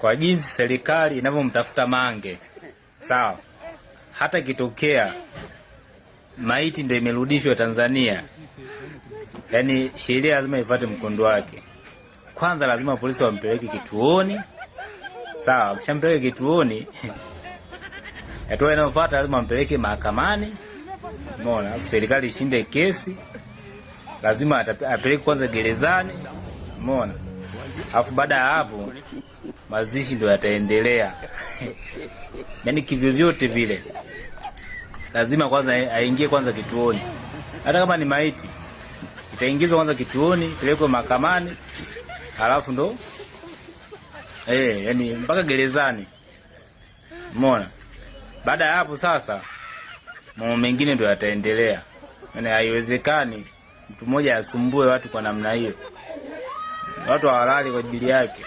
Kwa jinsi serikali inavyomtafuta Mange, sawa, hata ikitokea maiti ndio imerudishwa Tanzania, yaani sheria lazima ifuate mkondo wake. Kwanza lazima polisi wampeleke kituoni, sawa. Wakishampeleka kituoni, hatua inayofuata lazima wampeleke mahakamani, umeona. Serikali ishinde kesi, lazima apeleke kwanza gerezani, umeona, alafu baada ya hapo mazishi ndo yataendelea. Yaani kivyovyote vile lazima kwanza aingie kwanza kituoni, hata kama ni maiti itaingizwa kwanza kituoni, pelekwe mahakamani, halafu ndo eh, yani mpaka gerezani. Umeona? Baada ya hapo sasa mambo mengine ndo yataendelea. Yani haiwezekani mtu mmoja asumbue watu kwa namna hiyo, watu hawalali kwa ajili yake.